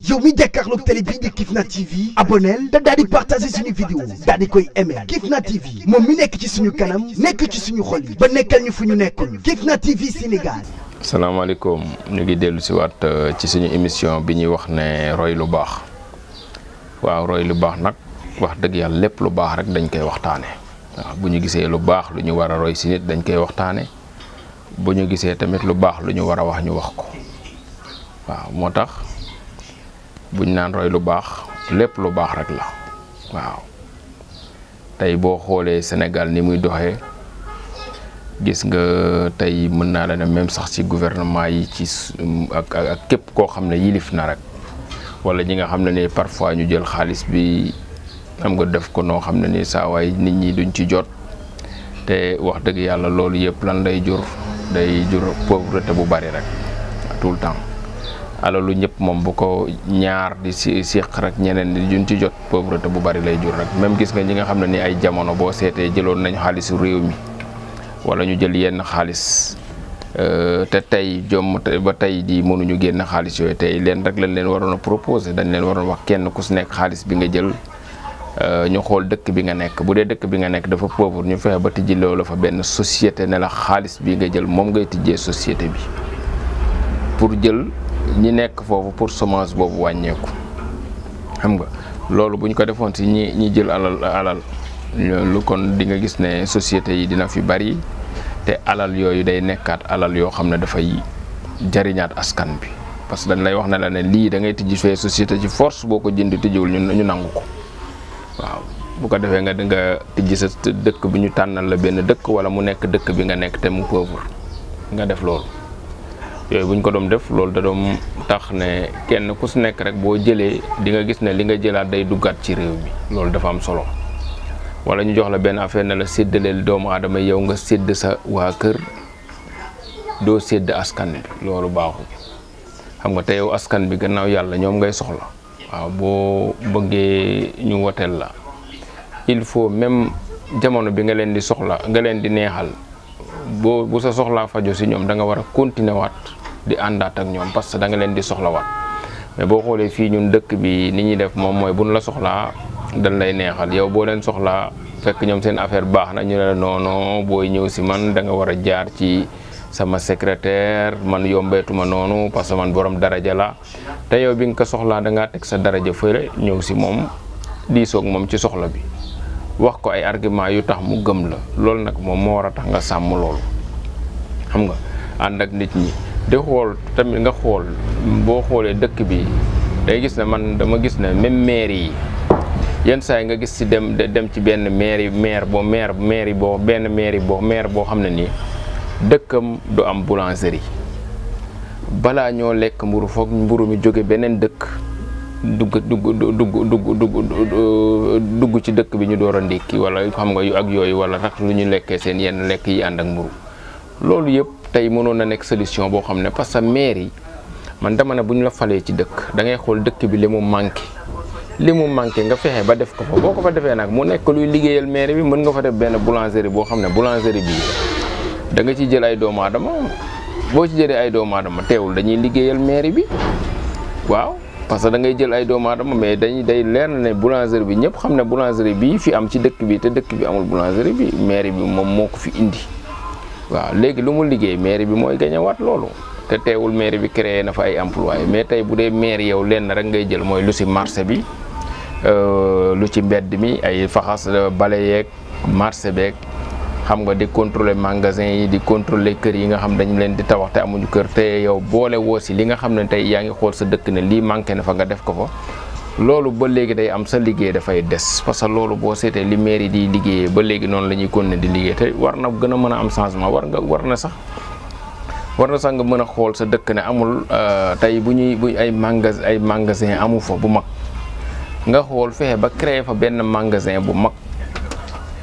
Yo, mi de télé bii de Kifna TV abonnez da daal partager vidéo koy Kifna TV moom mi que ci suñu kanam nekk ci suñu xol yi ba nekkal ñu Kifna TV Sénégal. Salam ñu ngi dellu si waat euh, ci suñu émission bi ne roy lu waaw roy lu baax nag wax dëgg yàlla lépp lu baax rek dañ koy waxtaane waaw bu lu si nit dañ koy waxtaane bu tamit buñ naan roy lu baax lépp lu baax rek la waaw tey boo xoolee Sénégal ni muy doxee gis nga tey mën naa la ne même sax ci gouvernement yi ci mm, ak ak képp koo xam ne yilif na rek wala ñi nga xam ne ni parfois ñu jël xaalis bi am nga def ko noo xam ne ni saawaay nit ñi duñ ci jot te wax dëgg yàlla loolu yëpp lan day jur day jur pauvreté bu bari rek tout le temps alalu ñëpp moom bu ko ñaar di si rek ñeneen di juñ ci jot pauvreté bu bari lay jur rek même gis nga ñi nga xam ne ni ay jamono boo seetee jëloon nañu xaalisu réew mi wala ñu jël yenn xaalis euh, te tey jom ba tey jii mënuñu génn xaalis yooyu tey leen rek lañ leen waroon a proposé dañ leen waroon wax kenn ku si nekk xaalis bi nga jël euh, ñu xool dëkk bi nga nekk bu dee dëkk bi nga nekk dafa pauvre ñu fexe ba tijji loolu fa benn société ne xaalis bi nga jël moom ngay tijjee société bi jël. ñi nekk foofu pour semence boobu wàññeeku xam nga loolu bu ñu ko defoon si ñi ñi jël alal alal lu kon di nga gis ne société yi dina fi bari te alal yooyu day nekkaat alal yoo xam ne dafay jariñaat askan bi parce que dañ lay wax na la ne lii dangay ngay fee société ci force boo ko jënd tijjiwul ñu nangu ko waaw bu ko defee nga nga tijji sa dëkk bi ñu tànnal la benn dëkk wala mu nekk dëkk bi nga nekk te mu pauvre nga def loolu yooyu buñ ko def loolu da doon tax ne kenn ku si nekk rek boo di nga gis ne li nga jëlaat day duggaat ci réew mi loolu dafa am solo wala ñu jox la benn affaire ne la séddaleel doomu aadama yow nga sédd sa waa kër do sédd askan bi loolu baaxul xam nga te askan bi gannaaw yàlla ñoom ngay soxla waaw boo bëggee ñu woteel la il faut même jamono bi nga leen di soxla nga di neexal boo bu sa soxlaa fajo si ñoom da nga war continuer di anda ak ñoom parce que da nga leen di soxlawaat mais boo xoolee ñun dëkk bi ni ñuy def moom mooy buñ la soxlaa dañ lay neexal yow boo leen soxlaa fekk ñoom seen affaire baax na ñu ne la noono booy man da nga war jaar ci sama secrétaire man yombeetuma noonu parce man borom daraja la te yow bi nga ko soxlaa da ngaa teg sa daraja fële ñëw si moom diisoog moom ci soxla bi wax ko ay argument yu tax mu gëm la loolu nag moom moo war a tax nga sàmm xam nga ak nit ñi di xool tamit nga xool boo xoolee dëkk bi day gis ne man dama gis ne même maire yi yenn saa yi nga gis ci dem dem ci benn maire maire boo maire maire boo benn maire boo boo xam ne nii dëkkam du am boulangerie balaa ñoo lekk mburu foog mburu mi jóge beneen dëkk dugg dugg dugg dugg dugg dugg ci dëkk bi ñu door a ndékki wala xam nga yu ak yooyu wala rax lu ñu lekkee seen yenn lekk yi ànd ak mburu loolu yëpp tey mënoon na nekk solution boo xam ne parce que maire yi man dama bu ñu la falee ci dëkk da ngay xool dëkk bi li mu manqué li mu manqué nga fexe ba def ko fa boo ko fa defee nag mu nekk luy liggéeyal maire bi mën nga fa def benn boulangerie boo xam ne boulangerie bii da nga ci jël ay doomu aadama boo ci jëlee ay doomu aadama teewul dañuy liggéeyal maire bi waaw parce que da ngay jël ay doomu aadama mais dañuy day leer na ne boulangerie bi ñëpp xam ne boulangerie bii fi am ci dëkk bi te dëkk bi amul boulangerie bi maire bi moom ko fi indi. waaw léegi lu mu liggéey mairie bi mooy gañewaat loolu te teewul mairie bi créer na fa ay employés mais tey bu dee mairie yow lenn rek ngay jël mooy lu ci marché bi euh, lu ci mbedd mi ay faxas euh, bale yeeg marché beeg xam nga di contrôler magasin yi di contrôler kër yi nga xam dañ leen di tabax te amuñu kër te yow boole woo si li nga xam ne tey yaa ngi xool sa dëkk ne lii manqué na fa nga def ko fa loolu ba léegi day am sa liggéey dafay des parce que loolu boo seetee li maire yi di liggéeyee ba léegi noonu la ñuy ne di liggéey te war na gën a mën a am changement war nga war na sax war na sax nga mën a xool sa dëkk ne amul euh, tey bu ñuy bu ay magasin ay magasin amu fa bu mag nga xool fexe ba créer fa benn magasin bu mag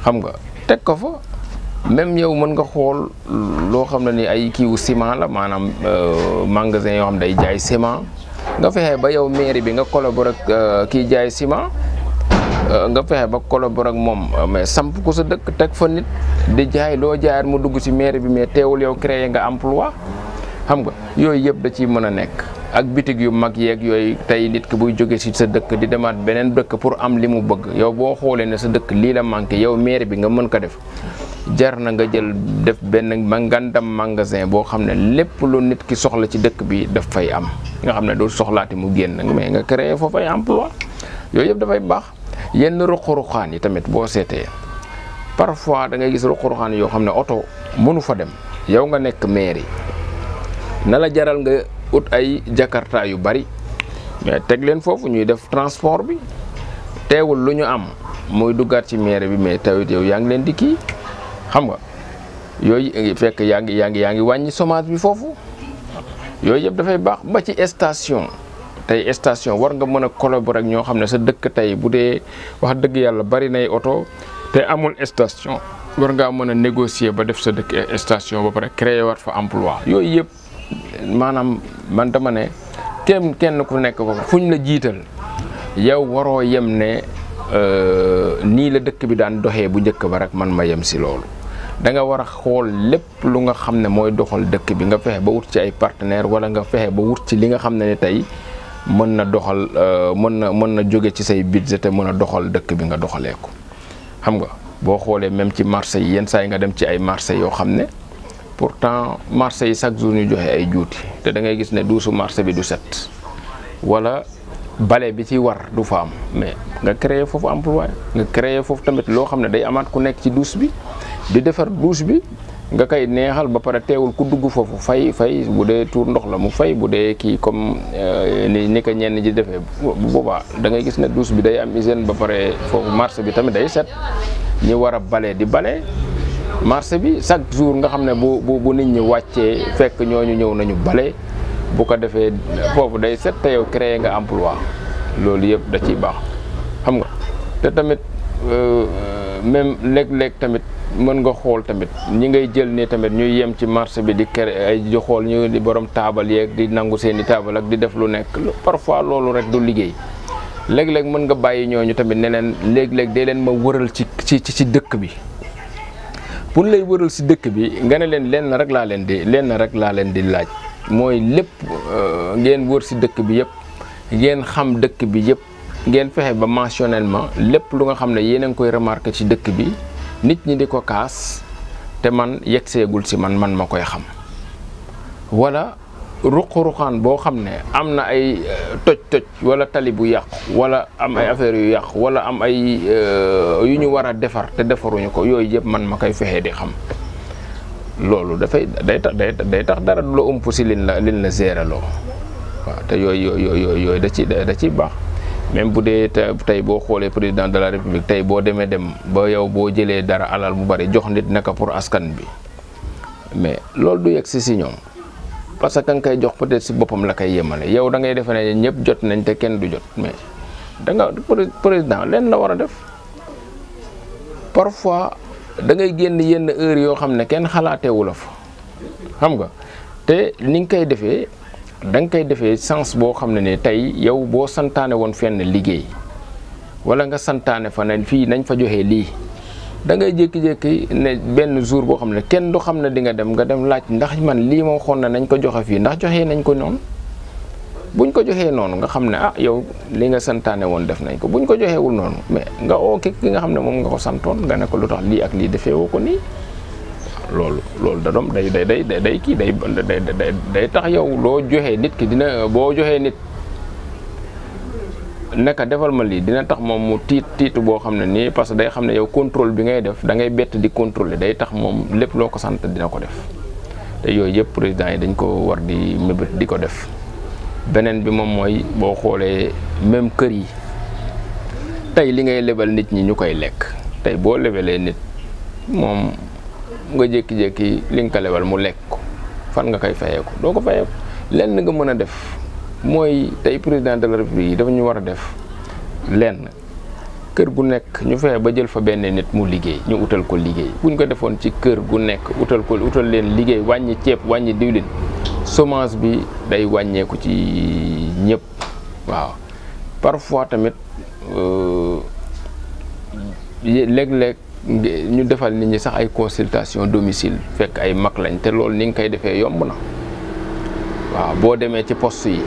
xam nga teg ko fa même yow mën nga xool loo xam ne ni ay kiiwu ciment la maanaam euh, magasin yoo xam ne day jaay ciment nga fexe ba yow mairie bi nga collaborer ak euh, kii jaay ciment euh, nga fexe ba collaborer ak moom euh, mais samp ko sa dëkk teg fa nit di jaay loo jaayaat mu dugg ci mairie bi mais teewul yow créer nga emploi xam nga yooyu yëpp da ciy mën a nekk ak bitig yu mag yeeg yooyu tey nit ki buy jóge si sa dëkk di demaat beneen dëkk pour am li mu bëgg yow boo xoolee ne sa dëkk lii la manqué yow mairie bi nga mën ko def jar na nga jël def ben mangandam magasin boo xam ne lépp lu nit ki soxla ci dëkk bi daf fay am nga xam ne doo soxlaati mu génn mais nga créé foofu ay emploi yooyu yëpp dafay baax yenn ruq yi tamit boo seetee parfois da ngay gis ruq-ruqaan yoo xam ne oto mënu fa dem yow nga maire jaral nga ut ay jakarta yu bari mais teg leen foofu ñuy def transport bi am muy duggaat ci maire bi mais tawit yow di ki xam nga yooyu eh, fekk yaa ngi yaa ngi yaa ngi wàññi chômage bi foofu yooyu yëpp dafay baax ba ci station tey station war nga mën a collaborer ak ñoo xam ne sa dëkk tey bu dee wax dëgg yàlla bari nay oto te amul station war ngaa mën a négocier ba def sa dëkk eh, station ba pare créer waat fa emploi yooyu yëpp maanaam man dama ne kenn kenn ku nekk ko fu la jiital yow waroo yem ne Euh, nii la dëkk bi daan doxee bu njëkk ba rek man ma yem si loolu da nga war a xool lépp lu nga xam ne mooy doxal dëkk bi nga fexe ba wut ci ay partenaire wala nga fexe ba wut ci li nga xam ne ne tey mën na doxal euh, mën na mën na jóge ci say budget te mën a doxal dëkk bi nga doxalee ko xam nga boo xoolee même ci marché yi yenn saa yi nga dem ci ay marché yoo xam ne pourtant marché yi chaque jour ñu joxe ay juuti te da gis ne duusu marché bi du set wala bale bi ci war du fa am mais nga créer foofu emploi nga créer foofu tamit loo xam ne day amaat ku nekk ci douche bi di defar douche bi nga koy neexal ba pare teewul ku dugg foofu fay fay bu dee tuur ndox la mu fay bu dee kii comme euh, ni ni ko ñenn ji defee bu boobaa da ngay gis ne douche bi day am hygiène ba pare foofu marché bi tamit day set ñi war a bale di bale marché bi chaque jour nga xam ne bu bu nit ñi wàccee fekk ñooñu ñëw nañu bale bu ko defee foofu day set te yow nga emploi loolu yëpp da ciy baax xam nga te tamit euh, même léeg-léeg tamit mën nga xool tamit ñi ngay jël ni tamit ñuy yem ci marché bi di créer ay di xool ñu di borom taabal yeeg di nangu seeni taabal ak di def lu nekk parfois loolu rek du liggéey léeg-léeg mën nga bàyyi ñooñu tamit ne leen léeg dee leen ma wëral ci ci ci dëkk bi pour lay wëral si dëkk bi nga ne leen lenn rek laa leen di lenn rek laa leen di laaj mooy lépp euh, ngeen wër si dëkk bi yëpp ngeen xam dëkk bi yëpp ngeen fexe ba mentionnellement lépp lu nga xam ne yéen a ngi koy remarqué ci dëkk bi nit ñi di ko kaas te man seegul si man man ma koy xam wala ruq-ruqaan boo xam ne am na ay euh, toj-toj wala tali bu yàqu wala am ay affaires yu yàqu wala am ay euh, yu ñu war a defar te defaruñu ko yooyu yëpp man ma koy fexe di xam loolu dafay day tax day day tax dara du la ëmp si lin la lin la géeraloo waaw te yooyu yooyu yooyu da ci da ciy baax même bu dee tey boo xoolee président de la république tey boo demee dem ba yow boo jëlee dara alal bu bari jox nit naka pour askan bi mais loolu du yegg si si ñoom parce que ka nga koy jox peut si boppam la koy yemale yow dangay ngay defe ne ñëpp jot nañ te kenn du jot mais da nga président leen la war a def parfois. da ngay génn yenn heure yoo xam ne kenn xalaatewu la fa xam nga te ni nga koy defee danga nga koy defee sens boo xam ne ne tey yow boo santaane woon fenn liggéey wala nga santaane fa ne fii nañ fa joxe lii dangay ngay jékki-jékki ne benn jour boo xam ne kenn du xam ne di nga dem nga dem laaj ndax man lii ma waxoon na nañ ko joxe fii ndax joxe nañ ko noonu. bu ñu ko joxee noonu nga xam ne ah yow li nga santaane woon def nañ ko buñ ko joxeewul noonu mais nga oo ki ki nga xam ne moom nga ko santoon nga ne ko lu tax lii ak lii defee woo ko nii loolu loolu da doom day day day day kii day day day tax yow loo joxee nit ki dina boo joxee nit neka defal ma lii dina tax moom mu tiit tiit boo xam ne nii parce que day xam ne yow contrôle bi ngay def dangay bett di contrôler day tax moom lépp loo ko sant dina ko def te yooyu yëpp président yi dañ ko war di mébét di ko def beneen bi moom mooy boo xoolee même kër yi tey li ngay lebal nit ñi ñu koy lekk tey boo lebalee nit moom nga jékki-jékki li nga ko lebal mu lekk ko fan nga koy fayeeku doo ko fayeeku lenn nga mën a def mooy tey président de la république yi dafa ñu war a def lenn kër gu nekk ñu fexe ba jël fa benn nit mu liggéey ñu utal ko liggéey buñ ko defoon ci kër gu nekk utal ko utal leen liggéey wàññi ceeb wàññi diwlin semence bi day wàññeeku ci ñëpp waaw parfois tamit euh, léeg-léeg ñu defal nit ñi sax ay consultation domicile fekk ay mag lañ te loolu ni nga koy defee yomb na waaw boo demee ci poste yi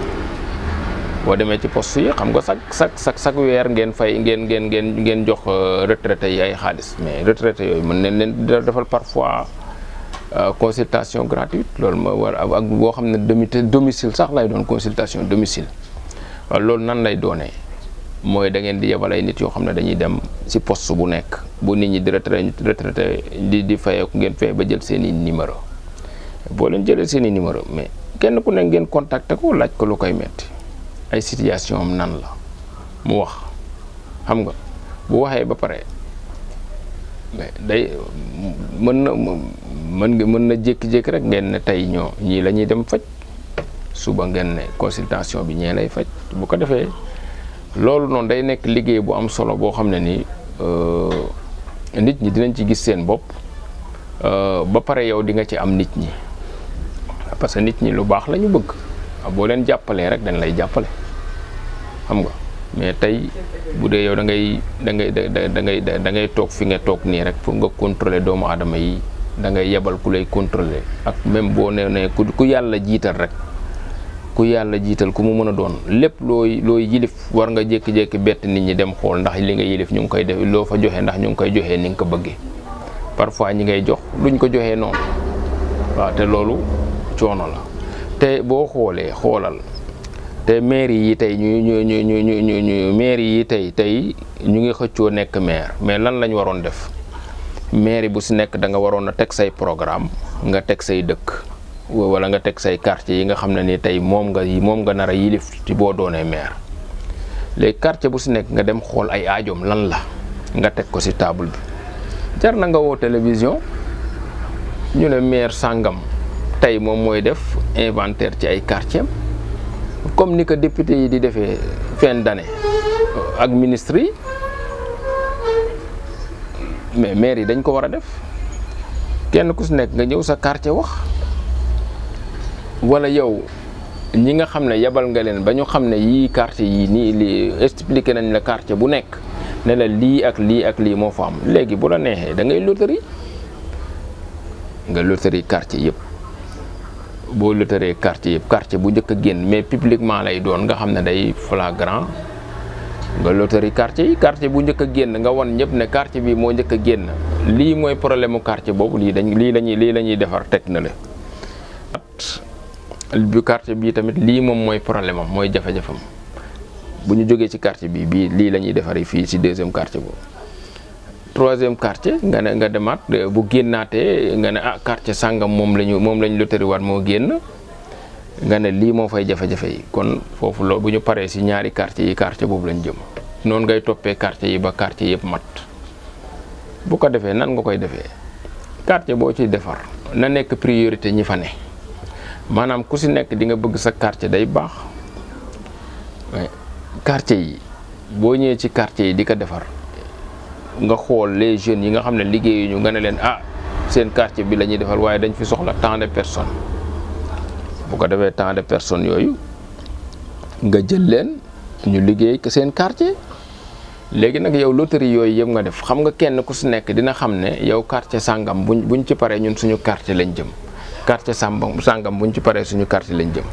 boo demee ci poste yi xam nga sax sax sax sax weer ngeen fay ngeen ngeen ngeen ngeen jox euh, retraité yi ay xaalis mais retraité yooyu mën nañ leen defal parfois. Euh, consultation gratuite loolu ma war ak boo xam ne demi domicile sax lay doon consultation domicile loolu nan lay doonee mooy da ngeen di yebal nit yoo xam ne dañuy dem ci poste bu nekk boo nit ñi di retraité retraité di di fayeeku ngeen fay ba jël seeni i numéro boo leen jëlee seen i numéro mais kenn ku nekk ngeen contacté ko laaj ko lu koy metti ay situation am nan la mu wax xam nga bu waxee ba pare day mën na mën nga mën na jékki-jékki rek ngeen ne tey ñoo ñii la dem faj suba ngeen ne consultation bi ñee lay faj bu ko defee loolu noonu day nekk liggéey bu am solo boo xam ne ni euh, nit ñi dinañ ci gis seen bopp euh, ba pare yow di nga ci am nit ñi parce que nit ñi lu baax la ñu bëgg ah, boo leen jàppalee rek dañ lay jàppale xam nga mais tey bu dee yow da ngay da ngay da ngay da ngay fi nga rek pour nga contrôler doomu aadama yi da ngay yebal ku lay contrôler ak même boo nee ne ku yàlla jiital rek ku yàlla jiital ku mu mën a doon lépp looy looy yilif war nga jékki-jékki bett nit ñi dem xool ndax li nga yilif ñu ngi koy def loo fa joxe ndax ñu ngi koy joxee ni nga ko bëggee parfois ñi ngay jox duñ ko joxee noonu waaw loolu coono la te boo xoolee xoolal te maire yi tey ñu ñu ñu ñu ñu ñu maire yi tey tey ñu ngi xëccoo nekk maire mais lan lañ waroon def maire bu si nekk da nga waroon a teg say programme nga teg say dëkk wala nga teg say quartier yi nga xam ne ni tey moom nga moom nga nar a yilif ci boo doonee maire léegi quartier bu si nekk nga dem xool ay aajoom lan la nga teg ko si table bi jar na nga woo télévision ñu ne maire sàngam tey moom mooy def inventaire ci ay quartier comme ni ko député yi di defee fin d'année ak ministre yi mais maire yi dañ ko war a def kenn ku si nekk nga ñëw sa quartier wax wala yow ñi nga xam ne yebal nga leen ba ñu xam ne yii quartier yii nii lii expliqué nañ la quartier bu nekk ne la lii ak lii ak lii moo fa am léegi bu la neexee da ngay loterie nga loterie quartier yëpp boo loterie quartier yëpp quartier bu njëkk a génn mais publiquement lay doon nga xam ne day flagrant nga loterie quartier yi quartier bu njëkk a génn nga wan ñëpp ne quartier bi moo njëkk a génn lii mooy problème mu quartier boobu lii dañ lii lañuy lii la ñuy defar teg na le bu quartier bii tamit lii moom mooy problème am mooy jafe-jafam bu ñu jógee ci quartier bi bii lii la ñuy defaree fii si deuxième quartier boobu troisième quartier nga ne nga demaat bu génnaatee nga ne ah quartier sàngam moom la ñu moom la ñu loterie waat moo génn nga ne lii moo fay jafe-jafe yi kon foofu loolu bu ñu paree si ñaari quartier yi quartier boobu lañ jëm noonu ngay toppee quartier yi ba quartier yëpp mat bu ko defee nan nga koy defee quartier boo ci defar na nekk priorité ñi fa ne maanaam ku si nekk di nga bëgg sa quartier day baax quartier yi boo ñëwee ci quartier yi di ko defar nga xool les jeunes yi nga xam ne liggéeyuñu nga ne leen ah seen quartier bi la ñuy defar waaye dañ fi soxla tant de personnes bu ko defee temps de personnes yooyu nga jël leen ñu liggéey seen quartier léegi nag yow loterie yooyu yëpp nga def xam nga kenn ku si nekk dina xam ne yow quartier sàngam bu buñ ci paree ñun suñu quartier lañ jëm quartier sàmbam sàngam buñ ci paree suñu quartier lañ jëm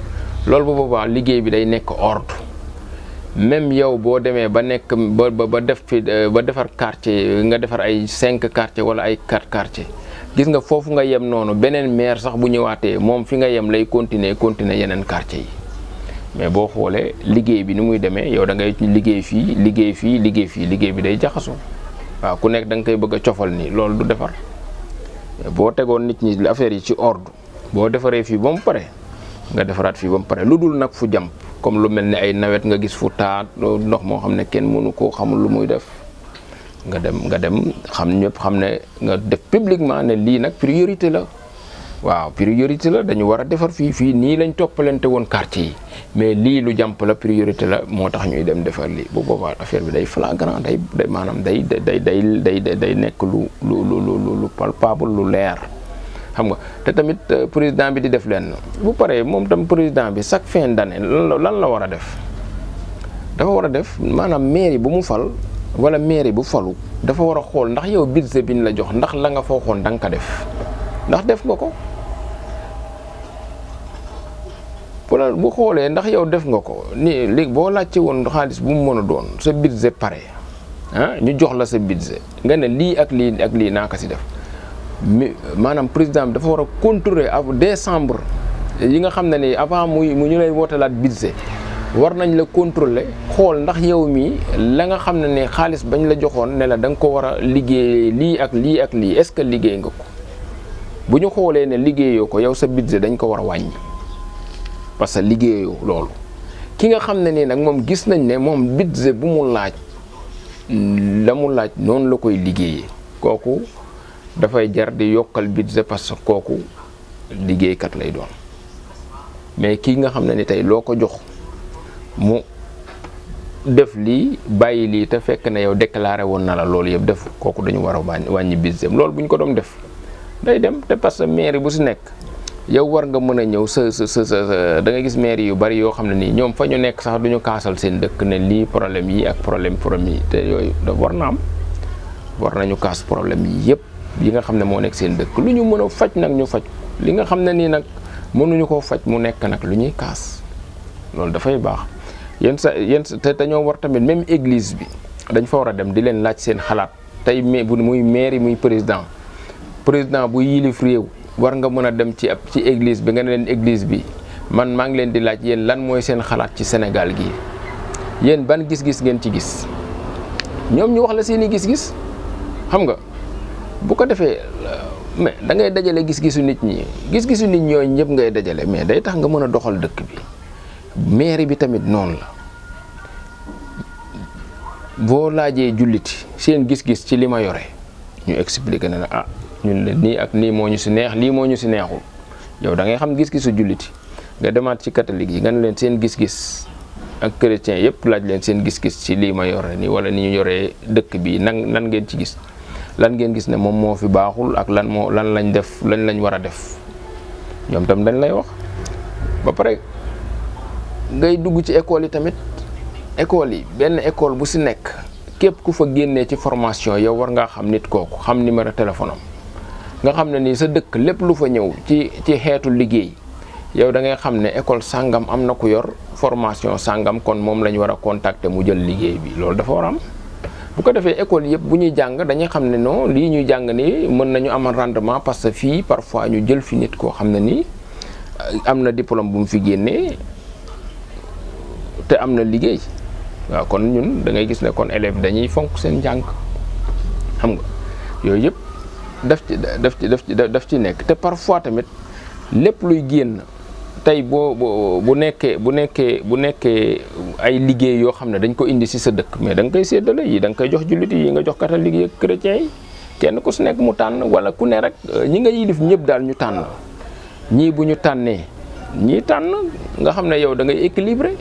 loolu bu boobaa liggéey bi day nekk ordre même yow boo demee ba nekk ba ba def fii ba defar quartier nga defar ay cinq quartier wala ay quatre quartier gis nga foofu nga yem noonu beneen maire sax bu ñëwaatee moom fi nga yem lay continuer continuer yeneen quartier yi mais boo xoolee liggéey bi ni muy demee yow da ngay liggéey fii liggéey fii liggéey fii liggéey bi day jaxasoo waaw ku nekk da nga koy bëgg a cofal nii loolu du defar boo tegoon nit ñi affaire yi ci ordre boo defaree fii ba mu pare nga defaraat fii ba mu pare lu dul nag fu jàmp comme lu mel ni ay nawet nga gis fu taat ndox moo xam ne kenn mënu koo xamul lu muy def nga dem nga dem xam ñëpp xam ne nga def publiquement ne lii nag priorité la waaw priorité la dañu war a defar fii fii nii lañ toppalante woon quartier yi mais lii lu jàmp la priorité la moo tax ñuy dem defar lii bu boobaa affaire bi day flagrant day maanaam day day day day day nekk lu lu lu lu palpable lu leer. xam nga te tamit euh, président bi di def leen bu paree moom tam président bi chaque fin d'année lan la lan la war a def dafa war a def maanaam mairie bu mu fal. wala mairie bu falu dafa war a xool ndax yow budget bi ñu la jox ndax la nga foo xoon da nga ko def ndax def nga ko wala bu xoolee ndax yow def nga ko ni léegi boo laajte woon xaalis bu mu mën a doon sa budget pare ah ñu jox la sa budget nga ne lii ak lii ak lii naa ka si def mi maanaam président bi dafa war a contrôler avant décembre yi nga xam ne ni avant muy mu ñu lay wootalaat budget war nañ la contrôler xool ndax yow mii la nga xam ne ne xaalis bañ la joxoon ne la da nga ko war a liggéey lii ak lii ak lii est-ce que liggéey nga ko bu ñu xoolee ne liggéeyoo ko yow sa budget dañ ko war a wàññi parce que liggéeyoo loolu ki nga xam ne nii nag moom gis nañ ne moom budget bu mu laaj la mu laaj noonu la koy liggéeyee kooku dafay jar di yokkal budget parce que kooku liggéeykat lay doon mais kii nga xam ne ni tey loo ko jox mu def lii bàyyi lii te fekk na yow déclaré woon na la loolu yëpp def kooku dañu war a wàññi biseem lool bu ñu ko doon def day dem te parce que mairie bu si nekk yow war nga mën a ñëw sa sa sa sa gis mairie yu bari yoo xam ne nii ñoom fa ñu nekk sax du ñu kaasal seen dëkk ne lii problème yi ak problème problème yi te yooyu war na am war nañu kaas problème yi yëpp yi nga xam ne moo nekk seen dëkk lu ñu mën a faj nag ñu faj li nga xam ne nii nag mënuñu koo faj mu nekk nag lu ñuy kaas loolu dafay baax. Yen sa yenn te dañoo war tamit même église bi dañ fa war a dem di leen laaj seen xalaat mui bu muy maire muy président président bu yilif réew war nga mën dem ci ci église bi nga église bi man maa ngi leen di laaj yéen lan mooy seen xalaat ci Sénégal gi ban gis-gis ngeen ci gis ñoom ñu wax la seeni gis-gis xam nga bu ko defee euh, mais da ngay dajale gis-gisu nit ñi gis-gisu nit ñooñu ñëpp ngay dajale mais day tax nga mën doxal dëkk bi. mairie bi tamit noonu la boo laajee julliti seen gis-gis ci li ma yore ñu expliquer na la ah ñun de nii ak nii moo ñu si neex lii moo ñu si neexul yow da ngay xam gis-gisu julliti nga demaat ci catholique yi nga ne leen seen gis-gis ak chrétien yëpp laaj leen seen gis-gis ci lii ma yore nii wala ni ñu yoree dëkk bi nan nan ngeen ci gis lan ngeen gis ne moom moo fi baaxul ak lan moo lan lañ def lan lañ war a def ñoom tam dañ lay wax ba pare. ngay dugg ci école yi tamit école yi benn école bu si nekk képp ku fa génnee ci formation yow war ngaa xam nit kooku xam numéro téléphone am nga xam ne nii sa dëkk lépp lu fa ñëw ci ci xeetu liggéey yow da ngay xam ne école sàngam am na ku yor formation sàngam kon moom la ñu war a contacter mu jël liggéey bi loolu dafa war am bu ko defee école yëpp bu ñuy jàng dañuy xam ne non lii ñuy jàng nii mën nañu amal rendement parce que fii parfois ñu jël fi nit koo xam ne nii am na diplôme bu mu fi génnee te am na liggéey waaw kon ñun da ngay gis ne kon élève dañuy fonk seen njàng xam nga yooyu yëpp daf ci daf ci daf ci daf ci nekk te parfois tamit lépp luy génn tey boo bu nekkee bu nekkee bu nekkee ay liggéey yoo xam ne dañ ko indi si sa dëkk mais da nga koy séddale yi da nga koy jox jullit yi nga jox catholique yi ak chrétien yi kenn ku si nekk mu tànn wala ku ne rek euh, ñi nga yilif ñëpp daal ñu tànn ñii bu ñu tànnee ñii tànn nga xam ne yow da ngay équilibré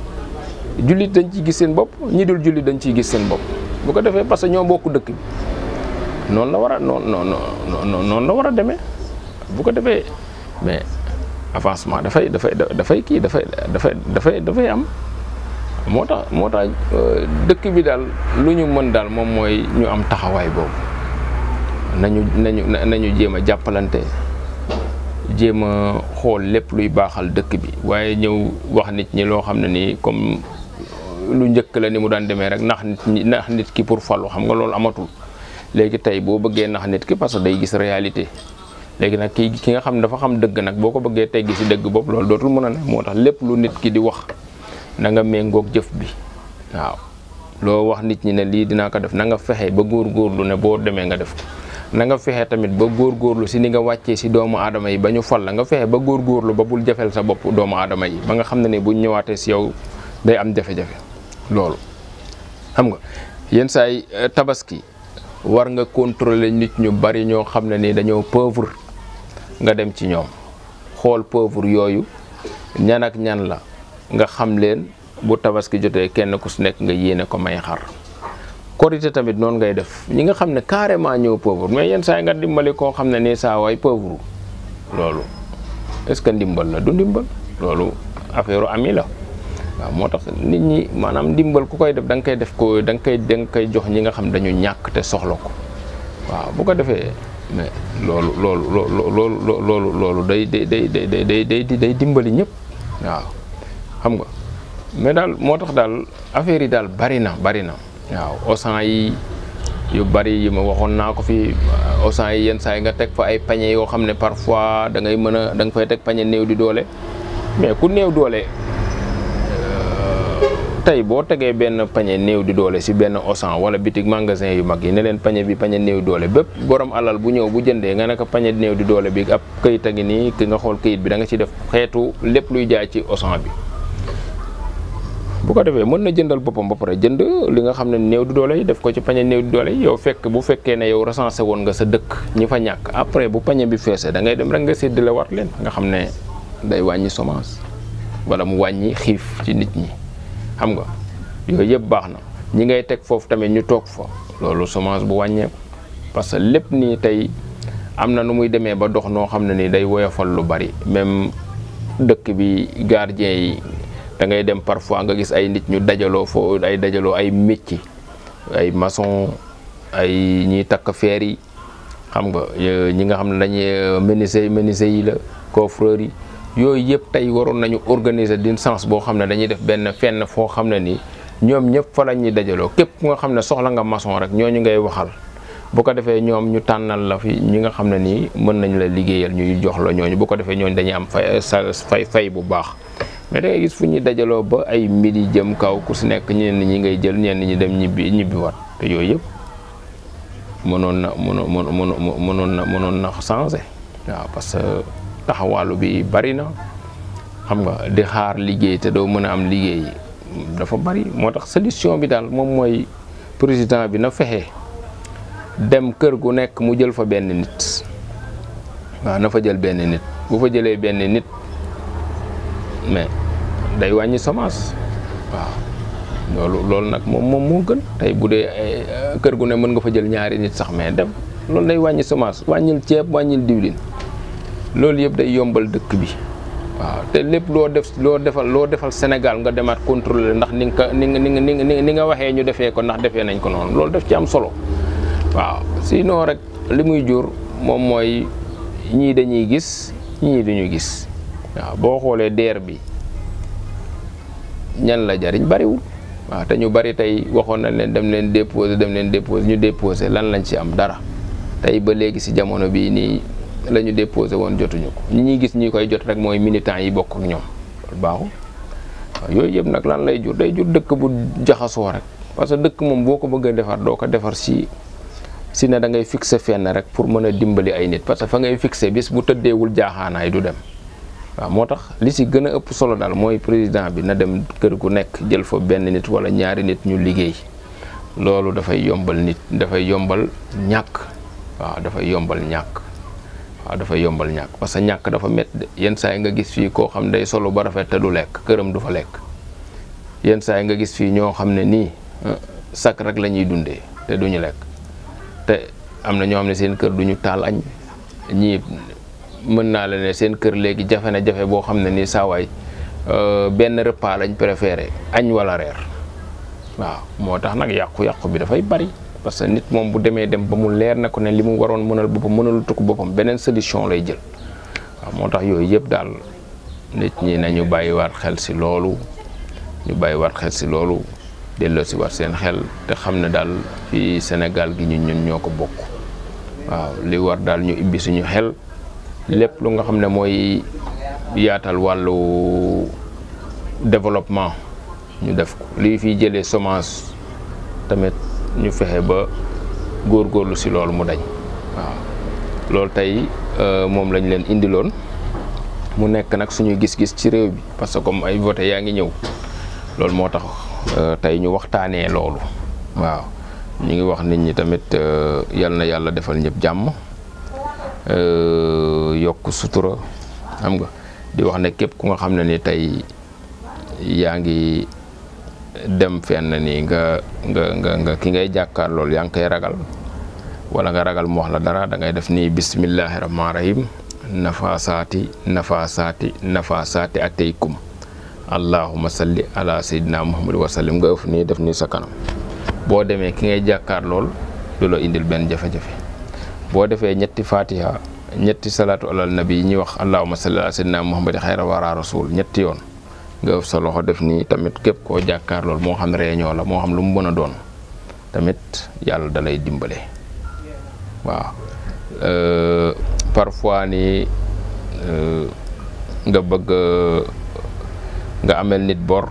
jullit dañ ci gis seen bopp ñi dul jullit dañ ciy gis seen bopp bu ko defee parce que ñoo bokk dëkk bi noonu la war a noonu noonu noonu la war a demee bu ko defee mais avancement dafay dafay dafay kii dafay dafay dafay dafay am moo tax moo tax euh, dëkk bi daal lu ñu mën daal moom mooy ñu am taxawaay boobu nañu nañu nañu jéem a jàppalante jéem a xool lépp luy baaxal dëkk bi waaye ñëw wax nit ñi loo xam ne nii comme lu njëkk la ni mu daan demee rek nax nax nit ki pour xam nga amatul léegi tey boo bëggee nax nit ki parce que day gis réalité léegi nag ki ki nga xam dafa xam dëgg nag boo ko bëggee teggi si dëgg bopp loolu dootul mën a ne moo lu nit ki di wax na nga gur jëf bi waaw loo wax nit ñi ne lii dinaa ko def na nga fexe ba lu ne boo demee nga def ko na nga fexe tamit ba ni nga doomu yi fal nga ba ba bul jafel sa doomu yi ba nga xam yow day am jafe-jafe loolu xam nga yenn saay euh, tabaski war nga contrôler nit ñu bari ñoo xam ne nii dañoo pauvre nga dem ci ñoom xool pauvre yooyu ñan ak ñan la nga xam leen bu tabaski jotee kenn ku su nekk nga yéene ko may xar korité tamit noonu ngay def ñi nga xam ne carrément ñëw pauvre mais yenn saa nga dimbali koo xam ne nii saa waay pauvre loolu est-ce que ndimbal la du ndimbal loolu affaire ami la waaw moo tax nit ñi maanaam dimbal ku koy def danga koy def ko danga koy da koy jox ñi nga xam dañu ñàkk te soxla ko waaw bu ko defee mais loolu loolu loolu loolu loolu day day day day day day dimbali ñëpp waaw xam nga mais daal moo tax daal affaire yi daal bari na bari na waaw osan yi yu bari yi ma waxoon naa ko fi osan yi yenn saa yi nga teg fa ay pañe yoo xam ne parfois da ngay mën a da nga fay teg pañe néew di doole mais ku néew doole tey boo tegee benn pañe néew di dole si benn Auchan wala bitig magasin yu mag yi ne leen pañe bi pañe néew dole bépp borom alal bu ñëw bu jëndee nga ne ko di bi ab këyit a ngi nii ki nga xool këyit bi da nga ci def xeetu lépp luy jaay ci Auchan bi bu ko defee mën na jëndal boppam ba pare jënd li nga xam ne di dole def ko ci di yow fekk bu fekkee ne yow recensé woon nga sa dëkk ñi fa ñàkk après bu pañe bi feesee da ngay dem rek nga séddale war leen nga xam ne day wàññi semence wala mu wàññi xiif ci nit ñi xam nga yooyu yëpp baax na ñi ngay teg foofu tamit ñu toog fa loolu semence bu wàññeeku parce que lépp nii tey am na nu muy demee ba dox noo xam ne ni day woyofal lu bari même dëkk bi gardien yi da ngay dem parfois nga gis ay nit ñu dajaloo foo ay dajaloo ay métier ay mason ay ñiy takk feer yi xam nga ñi nga xam ne dañuy menuisier menuisier yi la coffreur yi yooyu yëpp tey waroon nañu organiser d'une séance boo xam ne dañuy def benn fenn foo xam ne nii ñoom ñëpp fa la ñuy dajaloo képp ku nga xam ne soxla nga maçon rek ñoo ñu ngay waxal bu ko defee ñoom ñu tànnal la fi ñi nga xam ne nii mën nañu la liggéeyal ñuy jox la ñooñu bu ko defee ñooñu dañuy am fay fay fay bu baax mais da ngay gis fu ñuy dajaloo ba ay midi jëm kaw ku si nekk ñenn ñi ngay jël ñenn ñi dem ñibbi ñibbi wat te yooyu yëpp mënoon na mënoon mënoon na mënoon na changé waaw parce que taxawaalu bi bari na xam nga di xaar liggéey te doo mën a am liggéey dafa bari moo tax solution bi daal moom mooy président bi na fexe dem kër gu nekk mu jël fa benn nit waaw na fa jël benn nit bu fa jëlee benn nit mais day wàññi semence waaw loolu loolu nag moom moom moo gën tey bu dee eh, kër gu ne mën nga fa jël ñaari nit sax mais dem loolu day wàññi semence wàññil ceeb wàññil diwlin loolu yëpp day yombal dëkk bi waaw te lépp loo def loo defal loo defal Sénégal nga demaat contrôler ndax ni nga ni nga ni nga ni nga waxee ñu defee ko ndax defe nañ ko noonu loolu def ci am solo waaw si sinon rek li muy jur moom mooy ñii dañuy gis ñii duñu gis waaw boo xoolee deer bi ñan la jariñ bariwul waaw te ñu bari tey waxoon na leen dem leen déposer dem leen déposer ñu déposer lan lañ ci am dara tey ba léegi ci jamono bii nii. la ñu déposé woon jotuñu ko ñi ñuy gis ñi koy jot rek mooy militants yi bokk ak ñoom loolu baaxul yooyu yëpp nag lan lay jur day jur dëkk bu jaxasoo rek parce que dëkk moom boo ko bëggee defar doo ko defar si si ne da ngay fixé fenn rek pour mën a dimbali ay nit parce que fa ngay fixé bis bu tëddeewul jaaxaanaay du dem waaw moo tax li si gën a ëpp solo daal mooy président bi na dem kër gu nekk jël fa benn nit wala ñaari nit ñu liggéey loolu dafay yombal nit dafay yombal ñàkk waaw dafay yombal ñàkk waaw dafa yombal ñàkk parce que ñàkk dafa met yenn saa yi nga gis fii ko xam day solo ba rafet te du lekk këram du fa lekk yenn saa nga gis fii ñoo xam ni nii euh, sakk rek la ñuy dundee te duñu lekk te am na ñoo xam ne seen kër duñu taal añ ñii mën naa la seen jafe na jafe boo ni ne nii saawaay euh, benn repas lañ préféré añ wala reer waaw moo tax nag yàqu-yàqu bi bari parce que nit moom bu demee dem ba mu leer na ko ne li mu waroon mënal boppam mënalu tukk boppam beneen solution lay jël waaw moo tax yooyu yëpp daal nit ñi nañu bàyyi bàyyiwaat xel si loolu ñu bàyyiwaat xel si loolu delloo si waat seen xel te xam ne daal fii Sénégal gi ñun ñun ñoo ko bokk waaw li war daal ñu ibbi suñu xel lépp lu nga xam ne mooy yaatal wàllu développement ñu def ko li fiy jëlee semence tamit. ñu fexe ba góorgóorlu si loolu mu dañ waaw loolu tey euh, moom lañ leen indiloon mu nekk nag suñuy gis-gis ci réew bi parce que comme ay voté yaa ngi ñëw loolu moo tax euh, tey ñu waxtaanee loolu waaw ñu ngi wax nit ñi tamit euh, yal na yàlla defal ñëpp jàmm yokk sutura xam nga di wax ne képp ku nga xam ni tey yaa dem fenn nii nga nga ki ngay jàkkaar loolu yaa ngi koy ragal wala nga ragal mu wax la dara dangay def nii bismillahi rahmaani rahim nafaasaati nafaasaati nafaasaati ateykum allahuma salli ala sayyidina muhammad wa sallim nga ëf nii def nii sa kanam boo demee ki ngay jàkkaar lool du indil benn jafe-jafe boo defee ñetti fatiha ñetti salaatu alal nabi yi ñuy wax allahuma salli ala sayyidina muhammad xayra wara rasul ñetti yoon nga sa loxo def ni tamit képp koo jàkkaar lool moo xam réunion la moo xam lu mu mën a doon tamit yàlla da lay dimbale waaw euh, parfois ni euh, nga bëgg nga amel nit bor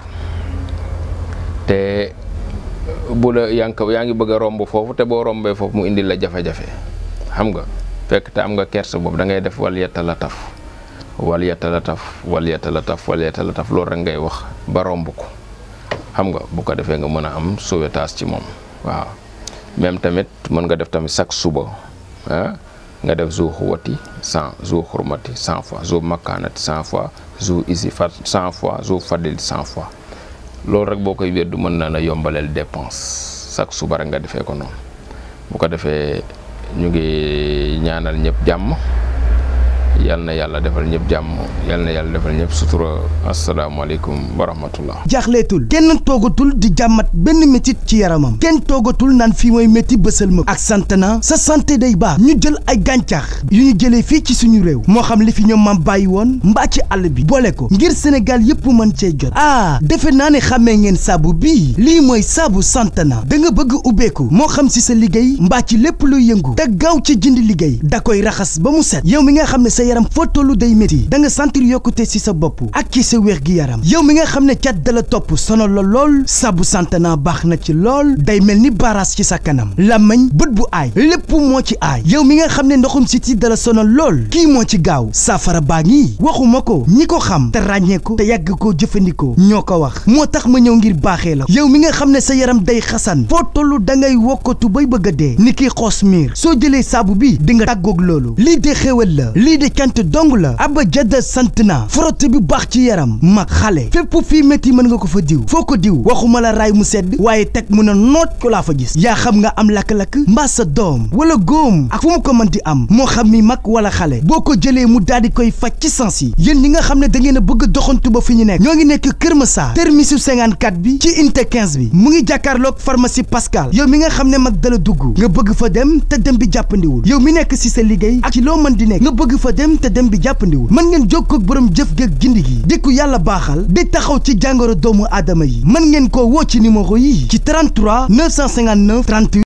te bu la yaa ngi bëgg a romb foofu te boo rombee foofu mu indi la jafe-jafe xam nga fekk te am nga kersa boobu da ngay def wal yetta la taf wal yatalataf wal yatalataf wal taf loolu rek ngay wax ba romb ko xam nga bu ko defee nga mën a am sauvetage ci moom waaw même tamit mën nga def tamit chaque suba ah nga def zo xuwati cent zo xurmati cent fois zo makkaanati cent fois zo isifat cent fois zo fadil cent fois loolu rek boo koy wéddu mën na la yombaleel dépense chaque suba rek nga defee ko noonu bu ko defee ñu ngi ñaanal ñëpp jàmm yal na yàlla defal ñëpp jàmm yal na yàlla defal ñëpp sutura asalaamaaleykum wa rahmatullah jaaxleetul kenn toogatul di jàmmat benn métit ci yaramam kenn toogatul naan fii mooy métti bësal ma ak santana sa santé day baax ñu jël ay gàncax yu ñu jëlee fii ci suñu réew moo xam li fi ñoom maam bàyyi woon mbaa ci àll bi boole ko ngir Sénégal yépp man cee jot ah defe naa ne xàmmee ngeen saabu bii lii mooy saabu santana da nga bëgg ubbeeku moo xam si sa liggéey mbaa lépp luy yëngu gaaw ci liggéey sa yaram foo tollu day métti da nga sentir yokkute ci sa bopp ak ci sa wér gi yaram yow mi nga xam ne cat dala topp sono la lool saabu sant naa baax na ci lool day mel ni baaraas ci sa kanam làmmiñ bët bu aay lépp moo ci aay yow mi nga xam ne ndoxum ci dala sonal lool kii moo ci gaaw saafara baa ngi waxuma ko ñi ko xam te ràññeeku te yàgg koo jëfandikoo ñoo ko wax moo tax ma ñëw ngir baaxee la yow mi nga xam ne sa yaram day xasan foo tollu dangay wokkatu bay bëgg a dee ni kii xoos soo jëlee saabu bi di cant dong la Abba Jadda santina naa frotte bi baax ci yaram mag xale fépp fii métti mën nga ko fa diw foo ko diw waxuma la raay mu sedd waaye teg ko fa gis xam nga am lakk-lakk mbaa sa doom wala góom ak fu mu ko am mo xam mi mak wala xale boo jele jëlee mu daal di koy faj ci sens yi yéen ñi nga xam ne da ngeen a bëgg doxantu ba fi ñu nekk ñoo ngi nekk Kër Massar termisu 54 bi ci 15 bi mu ngi pharmacie Pascal yow mi nga xam ne mag dala dugg nga bëgg fa dem te dem bi jàppandiwul yow mi nekk si sa liggéey ak ci di nga fa dem dem te dem bi jàppandiwul mën ngeen jokkoo ak borom jëf geeg gindi gi di ku yàlla baaxal di taxaw ci jàngoro doomu aadama yi man ngeen ko woo ci numéro yii ci 33 959 38